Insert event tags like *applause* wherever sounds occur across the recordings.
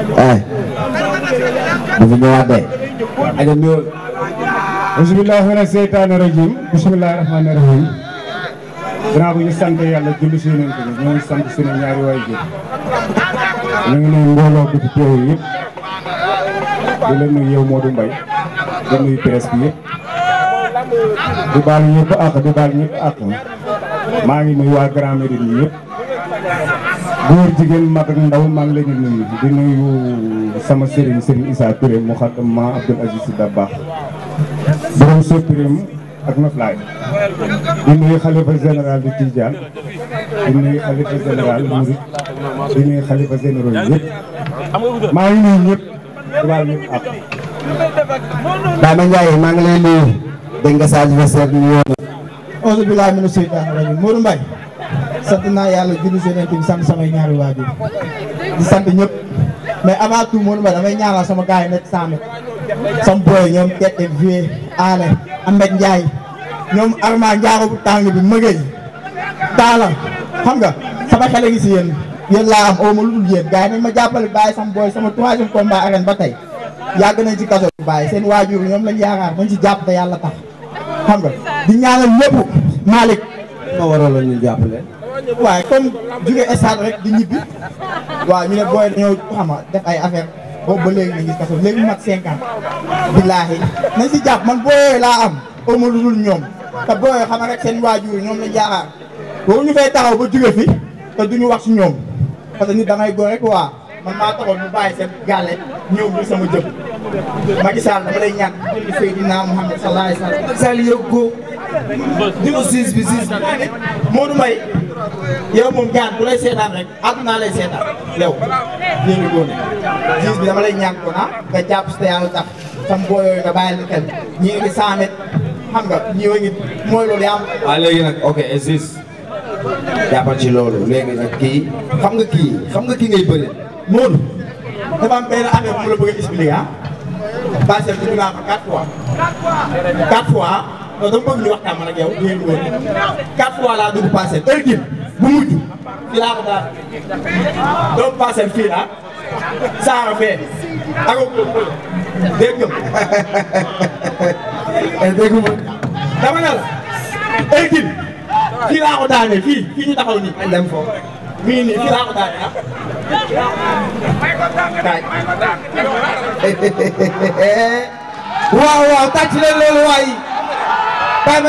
eh dafa ñëwaat de aja ñëwal bismillahi mina seytaani rajim bismillahi rahmaani rahim gannaaw ñu sant yàlla julli si yonent ñoo ngi sant suñu ñaari waay ji ñu ngi nuyu mbooloo bi fi teew yëpp di la nuyu yow Modou Mbaye di yëpp di maa ngi nuyu waa Grand Médine yëpp góor jigéen mag ak ndaw maa ngi leen di nuyu di nuyu sama sëriñ sëriñ Issa Touré mu xatam ma Abdoul Aziz Sy Dabakh borom soppireem ak noflaay di nuyu xalifa général di Tidiane di nuyu xalifa général Mouride di xalifa général yëpp maa ngi nuyu ñëpp di baal maa ngi lay nuyu dégg nga sa anniversaire onze billahi mina seytaani rajiim Modou Mbaye sant naa yàlla julli seen bi sant samay ñaari waajur di sant ñëpp mais avant tout Modou Mbaye damay ñaanal sama gars yi nekk saami sama boy ñoom tete vie ale Amet Ndiaye ñoom Arma Ndiago bu tàng bi mëgëy taala xam nga sama xel a ngi si yéen yéen laa am oo ma lu dul yéen gars yi nañ ma jàppale bàyyi sama boy sama troisième combat arène ba tey yàgg nañ ci kaso bàyyi seen waajur ñoom lañ yaakaar mañ ci jàpp te yàlla tax xam nga di ñaanal ñëpp Malick ma waroon la ñu jàppale. waaye comme jóge stade rek di ñibbi waa ñu ne booy dañoo xam nga def ay affaire boobu ba léegi ñu ngi kaso léegi mat cinquante billaahi nañ si jàpp man booyoo laa am amu lu dul ñoom te booyoo xam nga rek seen waajur ñoom lañ yaakaar boobu ñu fay taxaw ba jóge fi te duñu wax si ñoom parce nit da ngay rek waa ma maa taxoon mu bàyyi seen gàlle ñëw bi sama jëm Macky Sall dama lay ñaan julli Seydina Mouhamed sallallahu alayhi wasallam Macky Sall yow góob numéro 6 bi 6 bi Modou Mbaye yow moom gaan bu lay seetaan rek àdduna lay seetaan lew léegi góone 10 bi dama lay na ah, nga jàpp si te yàlla tax ngi 100 mètres xam nga ñii ngi mooy loolu yaa am waaw ah, léegi nag ok existe jàppal ci loolu léegi nag kii xam nga kii xam nga kii ngay bëri Moodu dafa am benn affaire bu ma la bëgg a expliquer ah. Bacel dugg naa ko quatre fois. quatre fois non dama bëgg ñu waxtaan man ak yow di ngeen wër quatre fois laa dugg Bacel heure bi bu mujj fi laa ko la saara fee ak dégg nga la heure bi fii laa ko daane *laughs* eh, fii fii ñu taxaw nii. dem foofu mii nii fii laa ko daane ah. *laughs* waaw waaw tàcc leen loolu waay Baye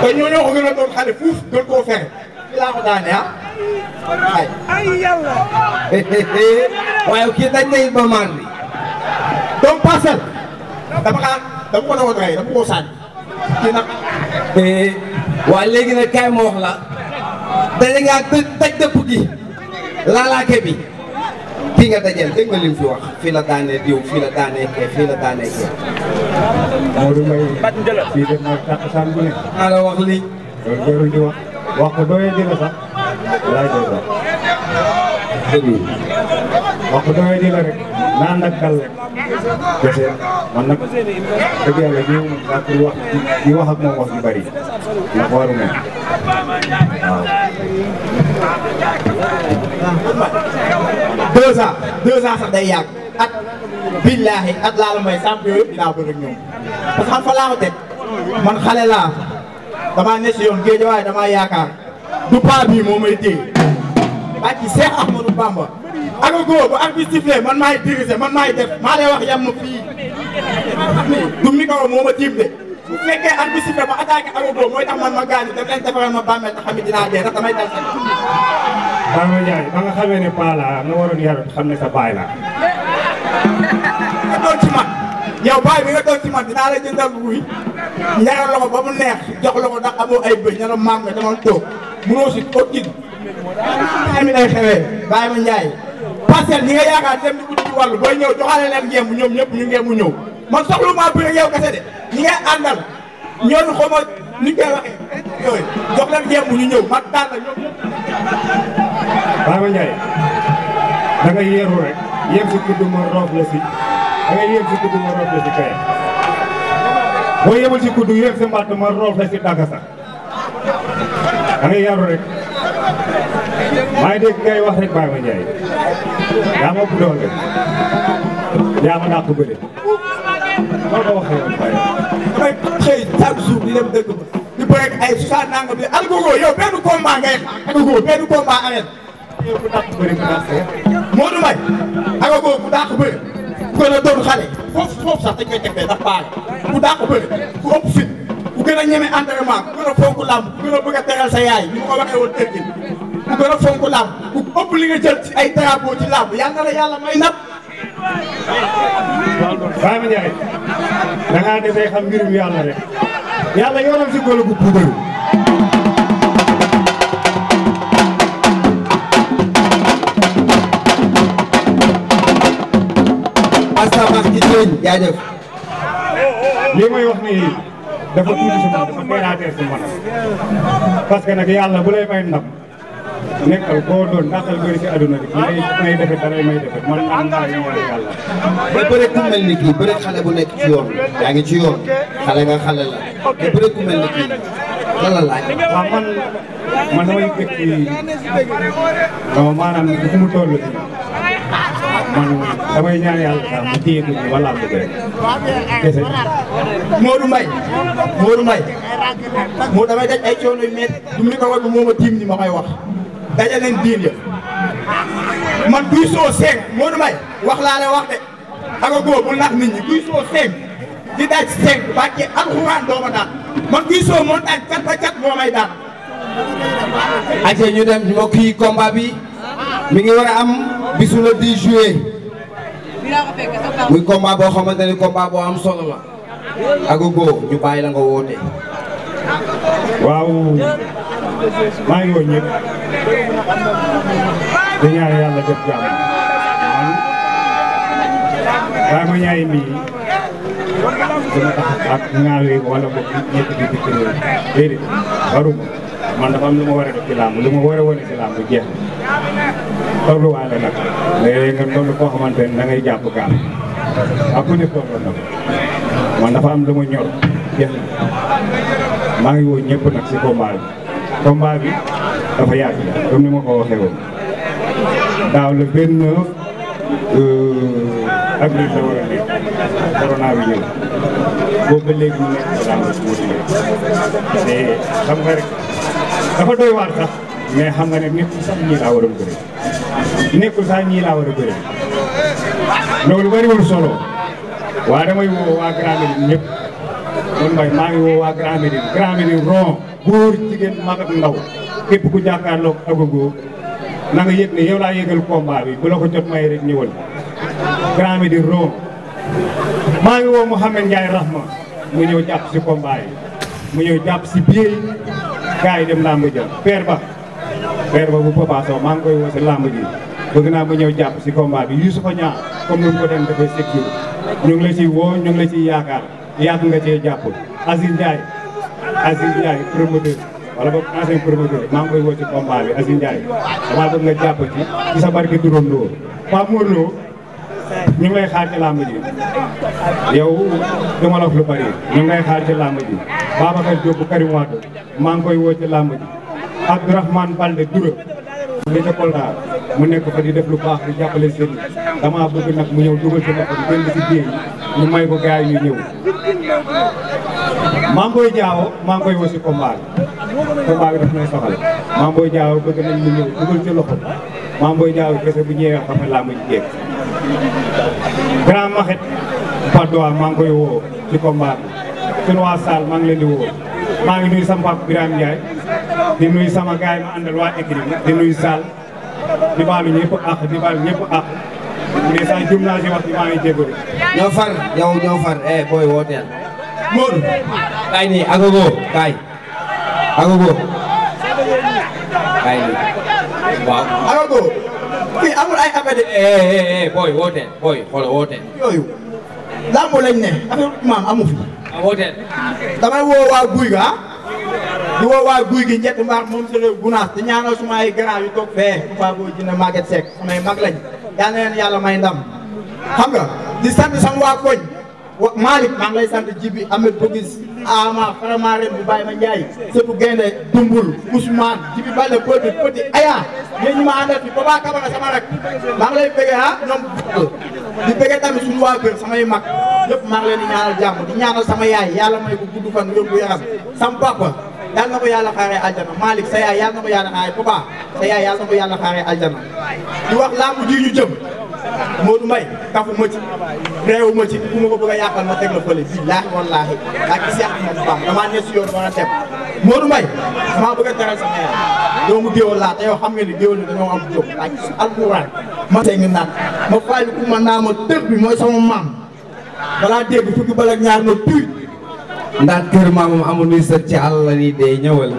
te ñoo ñoo ko gën a doon xale fuuf doon koo laa ko daane ah ay yàlla *laughs* kii dañ ne ba maan bi donc parcelle dama kaa dama ko doon rey dama koo sànni kii nag eh, waaye léegi nag kaay la daje ngaa tëj dëpp gi laalaake bi kii nga dajeel dégg fi wax fii la daanee diw fii la daanee kee fii la daanee kee. Maodo Mbaye fii de mooy takkusaan bu ne. maa la wax lii. loolu jarul di wax wax ko doyee dina sax laaj doy sax. dëgg yi wax bu doy ak dal ak laa la may sàmp yooyu yëpp dinaa ak ñoom parce xam fa laa ko teg man xale laa damaa ne si yoon géej waaye damaa yaakaar du paa bii moo may téye. bàcci Seex Ahmadou Bamba agogo bu arbitre sifflé man maay dirigé man maay def maa lay wax yam ma fii du micro moo ma tiim de bu fekkee arbitre sifflé ba a agogo mooy tax man ma gaañu daf leen defaral ma bàmmeel te xam ne dinaa dee ndax damay dal sa ba nga xamee ne paa laa nga waroon yaru mu neex jox la ko ndax amoo ay bëy ñaral maam nga demal toog mënoo si ot xale mi lay xewee bàyyi ma Ndiaye parcelle ñi nga yaakaar dem di uti ci wàllu booy ñëw joxale leen ngeem ñoom ñëpp ñu ngeemu ñëw man soxlu maa bëgg yow kese de ñi ngay àndal ñooñu ma ni koy waxee yooyu jox leen ngeemu ñu ñëw man ma Ndiaye da nga yéeru rek yéem si kudd ma roof la si da nga yéem rek. maa ngi dégg ngay wax rek Baye Mandiaye yaa ma ëpp doole yaa ma naa ko bëre moo ko waxee woon Baye. mooy xëy chaque jour di bi ak gogo yow benn combat ngay ak gogo benn combat amee. yow ku dàq bëri ku gën a doon xale foofu foofu sax dañ koy teg ndax baax ku dàq bëri ku ëpp fit ku gën a ñeme entraînement ku gën a fonk làmb ku gën a bëgg a teral sa yaay ni ma ko waxee woon tëggin. ku gën a fonk làmb ku ëpp li nga jël ci ay drapeau ci làmb yal na la yàlla may nag. Baye Mandiaye da ngaa defee xam mbirum yàlla rek yàlla yoonam si góor gu puudaru asamaan ci jëriñ jaajëf. lii may wax nii dafa tuuti si man dafa teel a teel si man parce que nag yàlla bu lay may ndam. nekkal koo doon dàqal bëri si àdduna bi. ngay ngay defet da ngay may defet man am ku xale bu nekk ci yoon yaa ngi ci yoon xale nga xale la te man man damay dëkk non maanaam fu mu toll nii man damay ñaan yàlla sax mu téye ko nii wala am kese Modou Mbaye Modou moo damay daj ay coono yu métti du micro bi moo ma tiim ni ma koy wax. daje nañ diin ya man kuy soo seeg moo du may wax laa lay wax de aga góor bu nax nit ñi kuy soo seeg di daaj seeg barke alxuraan doo ma daan man kuy soo moo daaj cat ba may daan ace ñu dem mbokk yi combat bi mi ngi war a am bisu le 10 muy combat boo xamante ni combat boo am solo la Agogo ñu bàyyi la nga woote waaw maa ngi woon ñëpp di ñaan yàlla def jàmm man mu Mandiaye mii dama tax ak ŋaawe wala boog ñett bi dëkk loolu déedéet waruma man dafa am ma war a def ci làmb lu ma war a wane ci làmb jeex na tolluwaale nag léeg-léeg nga toll koo xamante ne da ngay jàpp gaal ak ku ne toll na man dafa am lu ma ñor jeex maa ngi woon ñëpp nag si combat bi combat dafa yàgg comme ni ma ko waxee woon daaw le 29 euh, avril la war a nekk corona léegi mu la tuuti te xam nga ne nekkul sax ñii laa war a bëre nekkul sax ñii war a bëre loolu bariwul solo waa damay loolu mbay maa ngi woo waa Grand Médine Grand góor jigéen mag ak ndaw képp ku jàkkaarloog Agogo na nga yëg ne yow laa yëgal combat bi bu la ko jot may rek ñëwal Grand Médine rond maa ngi woo Mouhamed Ndiaye Rahma mu ñëw jàpp si combat yi mu ñëw jàpp si biir yi dem làmb jël père ba père ba bu Papa Sow maa ngi koy woo si làmb ji bëgg naa mu ñëw jàpp si combat bi Youssoupha Niang comme ni mu ko dem dafay sécurité ñu ngi la ciy woo ñu ngi la ciy yaakaar yàgg nga cee jàpp Aziz Ndiaye Aziz Ndiaye promoteur wala boog ancien promoteur maa ngi koy woo ci combat bi Aziz Ndiaye damaa nga jàpp ci ci sa barke turam loo Pape Mor Lo ñu ngi lay xaar ci làmb ji yow dama la wax lu bari ñu ngi lay xaar ci làmb ji Babacar Diop Karim Wade maa ngi koy woo ci làmb ji Abdourahmane Balde Dura li ca Kolda mu nekk fa di def lu baax di jàppale seen dama bëgg nag mu ñëw dugal ci boppam génn ci biir ñu may ko gars yi ñu ñëw Mame Boye Diao maa ngi koy wasi combat bi combat bi daf may soxal Mame Boye Diao bëgg nañ mu loxo Mame Boye Diao kese bu ñëwee xam ne laa ma jeeg grand maxet Padoa maa ngi koy woo ci combat bi sunu waa Sall maa ngi leen di woo maa ngi nuyu sama di nuyu sama gars yi ma àndal waa écrit di nuyu Sall di baalu ñëpp ak di baalu ñëpp ak ndeysaan jum naa si wax maa ngi ñoo far yow ñoo far eh booy wooteel. Modou. kaay nii agogo kaay. agogo. kaay nii waaw. agogo. fii amul ay affaire de. eh eh, eh, eh booy wooteel booy xoolal wooteel. yooyu. lamb lañ amu fi. ah wooteel. woo waa guy ga ah. gi ñett mbaar moom sële gunaas te ñaanal suma ay grand yu toog fee. waa booy jinne Maguette Seck samay mag lañ. yaa na leen yàlla may ndam xam nga di sant sama waa koñ wa Malick maa ngi lay sant Jibi Ahmed Bogis ama vraiment ren bu bàyyi ma Ndiaye surtout gaynde Dumbul Ousmane Jibi Balla Petit Petit Aya yéen ñi ma àndal fi Baba Kabana sama rek maa lay bëggee ah ñoom di bëggee tamit suñu waa kër samay mag yëpp maa ngi leen di ñaanal di ñaanal sama yaay yàlla may ko gudd fan wér gu yaram sama papa yal na ko yàlla xaaree aljana Malick sa yaay yal na ko yàlla xaaree Papa sa yaay yal na ko yàlla xaaree aljana di wax làmb ji ñu jëm Modou Mbaye kafu ma ci réewu ma ci ku ko bëgg a yàqal ma teg la fële billaahi wallaahi ak si yàq ma bu baax damaa ne si yoon war a dem Modou Mbaye maa bëgg a teral sama yaay doomu géwél laa te yow xam nga ni géwél dañoo am jóg ak si alxuraan ma tey nga mooy sama maam balaa dégg fukki bal ñaar ma tuuti ndax kër maamam amul luy sët ci àll la ni dee ñëwal